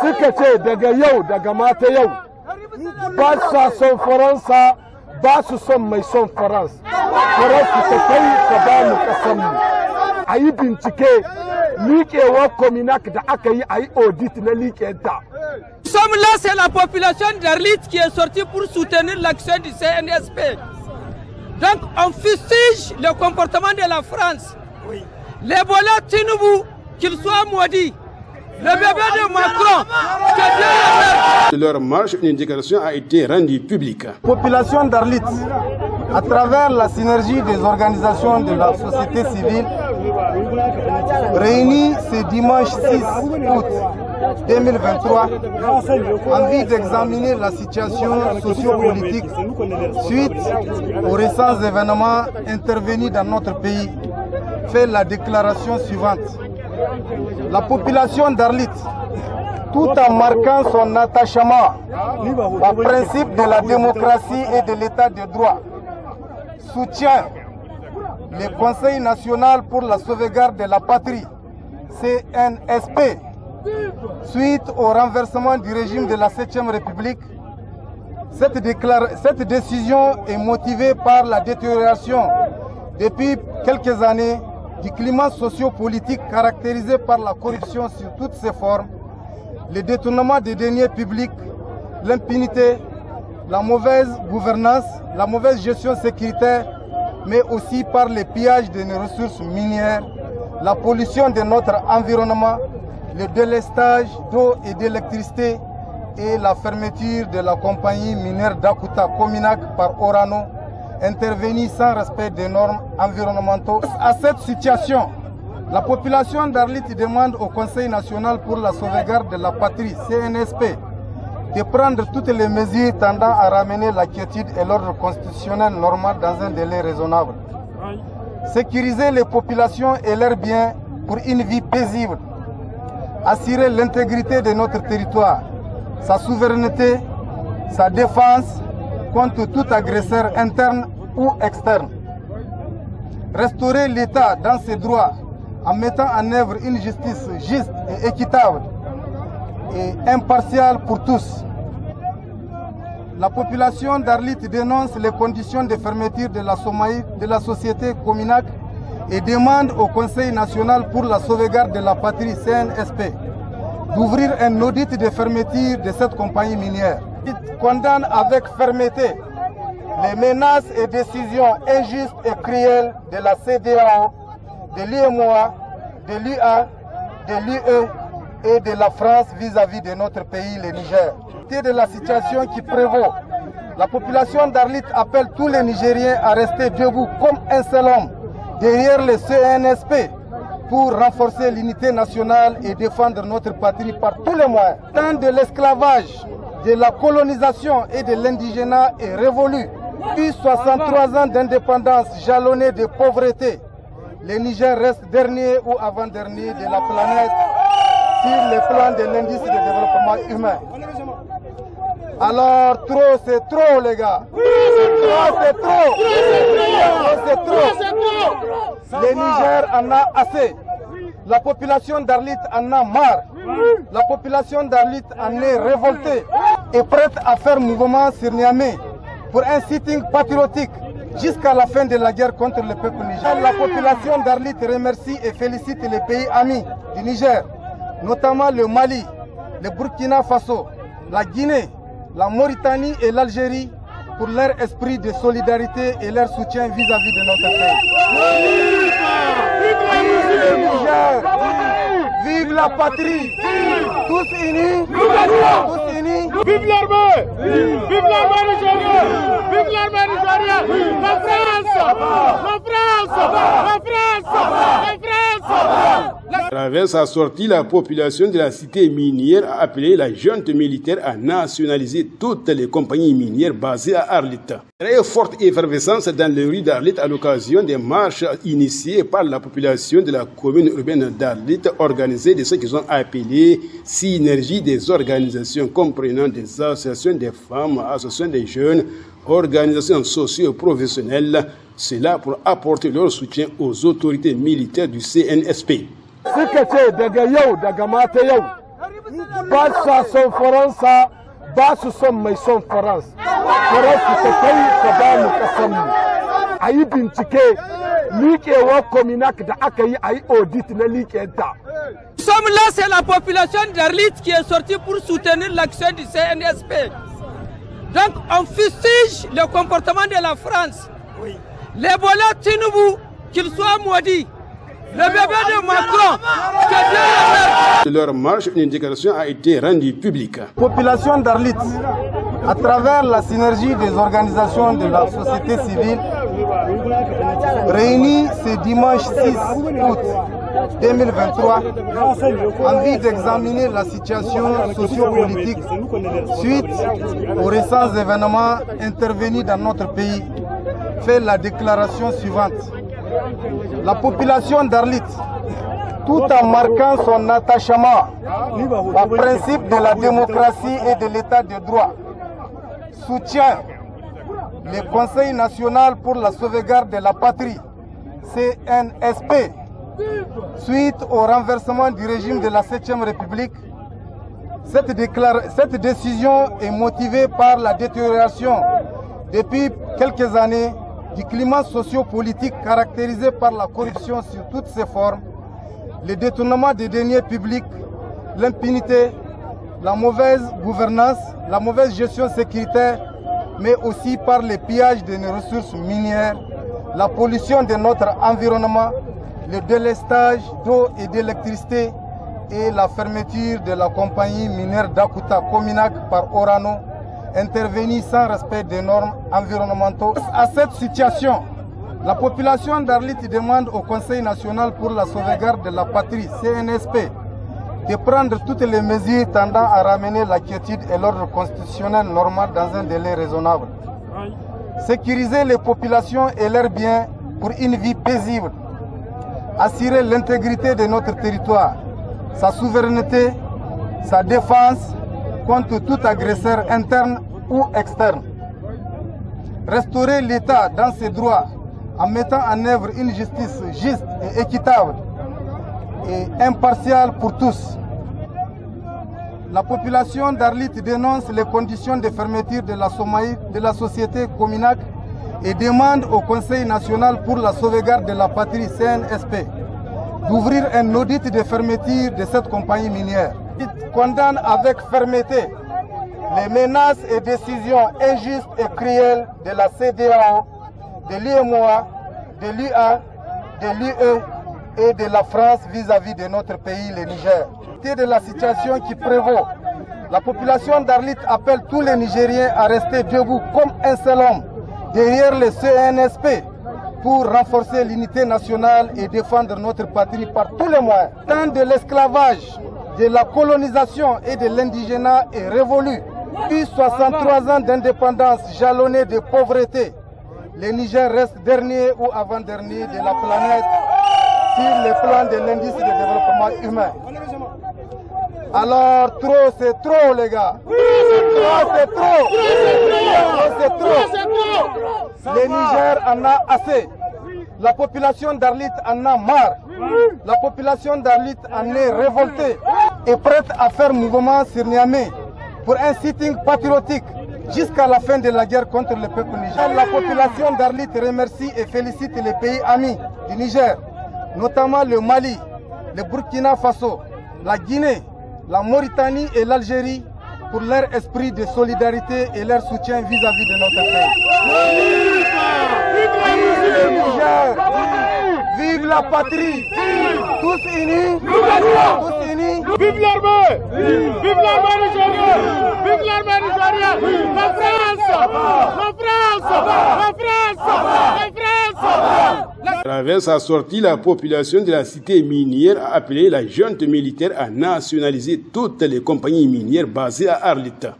suka ce daga yau daga mata yau ba sa son faransa ba su son mai son farans faransa ta kai ta ba mu kasanmu a yi bincike liƙewar kominak da aka yi a yi audit na liƙenta sommes là c'est la population d'Arlit qui est sortie pour soutenir l'action du CNSP donc on fustige le comportement de la France les voleurs vous qu'ils soient maudits le de leur marche, une déclaration a été rendue publique. Population d'Arlit, à travers la synergie des organisations de la société civile, réunie ce dimanche 6 août 2023 en d'examiner la situation sociopolitique suite aux récents événements intervenus dans notre pays, fait la déclaration suivante la population d'Arlit, tout en marquant son attachement au principe de la démocratie et de l'état de droit, soutient le Conseil national pour la sauvegarde de la patrie, CNSP, suite au renversement du régime de la 7e République. cette décision est motivée par la détérioration depuis quelques années du climat sociopolitique caractérisé par la corruption sur toutes ses formes, le détournement des deniers publics, l'impunité, la mauvaise gouvernance, la mauvaise gestion sécuritaire, mais aussi par le pillage de nos ressources minières, la pollution de notre environnement, le délestage d'eau et d'électricité et la fermeture de la compagnie minière d'Akuta Kominak par Orano intervenir sans respect des normes environnementales. À cette situation, la population d'Arlit demande au Conseil national pour la sauvegarde de la patrie, CNSP, de prendre toutes les mesures tendant à ramener la quiétude et l'ordre constitutionnel normal dans un délai raisonnable. Sécuriser les populations et leurs biens pour une vie paisible. Assurer l'intégrité de notre territoire, sa souveraineté, sa défense, contre tout agresseur interne ou externe. Restaurer l'État dans ses droits en mettant en œuvre une justice juste et équitable et impartiale pour tous. La population d'Arlit dénonce les conditions de fermeture de la, de la société Cominac et demande au Conseil national pour la sauvegarde de la patrie CNSP d'ouvrir un audit de fermeture de cette compagnie minière condamne avec fermeté les menaces et décisions injustes et cruelles de la CDAO, de l'IMOA, de l'UA, de l'UE et de la France vis-à-vis de notre pays, le Niger. de la situation qui prévaut, la population d'Arlit appelle tous les Nigériens à rester debout comme un seul homme derrière le CNSP, pour renforcer l'unité nationale et défendre notre patrie par tous les moyens. Tant de l'esclavage, de la colonisation et de l'indigénat est révolu. Puis 63 ans d'indépendance jalonnée de pauvreté, le Niger reste dernier ou avant-dernier de la planète sur le plan de l'indice de développement humain. Alors trop c'est trop les gars. c'est trop, trop. c'est trop. c'est trop. Le Niger en a assez. La population d'Arlit en a marre. La population d'Arlit en est révoltée et prête à faire mouvement sur Niamey pour un sitting patriotique jusqu'à la fin de la guerre contre le peuple Niger. La population d'Arlit remercie et félicite les pays amis du Niger, notamment le Mali, le Burkina Faso, la Guinée, la Mauritanie et l'Algérie pour leur esprit de solidarité et leur soutien vis-à-vis de notre pays. vive la patrie, tous unis, tous unis. Vive l'armée, vive l'armée vive l'armée nigérienne, la France, la France, la France, la France. À travers sa sortie, la population de la cité minière a appelé la junte militaire à nationaliser toutes les compagnies minières basées à Arlit. Très forte effervescence dans le rues d'Arlit à l'occasion des marches initiées par la population de la commune urbaine d'Arlit organisées de ce qu'ils ont appelé synergie des organisations comprenant des associations des femmes, associations des jeunes, organisations socio-professionnelles, cela pour apporter leur soutien aux autorités militaires du CNSP suka ce daga yau daga mata yau ba sa son faransa ba su son mai son faransa faransa ta kai ta ba mu kasanmu a yi bincike liƙewar kominak da aka yi a yi audit na liƙenta Nous sommes là, c'est la population d'Arlit qui est sortie pour soutenir l'action du CNSP. Donc on fustige le comportement de la France. Oui. Les voleurs Tinubu, qu'ils soient maudits. Le bébé de Macron, que Leur marche, une déclaration a été rendue publique. Population d'Arlit, à travers la synergie des organisations de la société civile, réunie ce dimanche 6 août 2023 en vue d'examiner la situation sociopolitique suite aux récents événements intervenus dans notre pays, fait la déclaration suivante la population d'Arlit, tout en marquant son attachement au principe de la démocratie et de l'état de droit, soutient le Conseil national pour la sauvegarde de la patrie, CNSP, suite au renversement du régime de la 7e République. cette décision est motivée par la détérioration depuis quelques années du climat sociopolitique caractérisé par la corruption sur toutes ses formes, le détournement des deniers publics, l'impunité, la mauvaise gouvernance, la mauvaise gestion sécuritaire, mais aussi par le pillage de nos ressources minières, la pollution de notre environnement, le délestage d'eau et d'électricité et la fermeture de la compagnie minière d'Akuta Kominak par Orano intervenir sans respect des normes environnementales. À cette situation, la population d'Arlit demande au Conseil national pour la sauvegarde de la patrie, CNSP, de prendre toutes les mesures tendant à ramener la quiétude et l'ordre constitutionnel normal dans un délai raisonnable. Sécuriser les populations et leurs biens pour une vie paisible. Assurer l'intégrité de notre territoire, sa souveraineté, sa défense, contre tout agresseur interne ou externe. Restaurer l'État dans ses droits en mettant en œuvre une justice juste et équitable et impartiale pour tous. La population d'Arlit dénonce les conditions de fermeture de la, de la société Cominac et demande au Conseil national pour la sauvegarde de la patrie CNSP d'ouvrir un audit de fermeture de cette compagnie minière condamne avec fermeté les menaces et décisions injustes et cruelles de la CDAO, de l'IMOA, de l'UA, de l'UE et de la France vis-à-vis de notre pays, le Niger. C'est de la situation qui prévaut. La population d'Arlit appelle tous les Nigériens à rester debout comme un seul homme derrière le CNSP pour renforcer l'unité nationale et défendre notre patrie par tous les moyens. Tant de l'esclavage de la colonisation et de l'indigénat est révolue. Puis 63 ans d'indépendance jalonnée de pauvreté, le Niger reste dernier ou avant-dernier de la planète sur le plan de l'indice de développement humain. Alors trop c'est trop les gars. trop c'est trop. Trop, c'est trop. Le Niger en a assez. La population d'Arlit en a marre. La population d'Arlit en est révoltée et prête à faire mouvement sur Niamey pour un sitting patriotique jusqu'à la fin de la guerre contre le peuple Niger. La population d'Arlit remercie et félicite les pays amis du Niger, notamment le Mali, le Burkina Faso, la Guinée, la Mauritanie et l'Algérie pour leur esprit de solidarité et leur soutien vis-à-vis de notre pays. Vive la patrie, tous unis, tous Vive l'armée Vive l'armée nigérienne Vive l'armée nigérienne La France La France La France La France À travers sa sortie, la population de la cité minière a appelé la junte militaire à nationaliser toutes les compagnies minières basées à Arlita.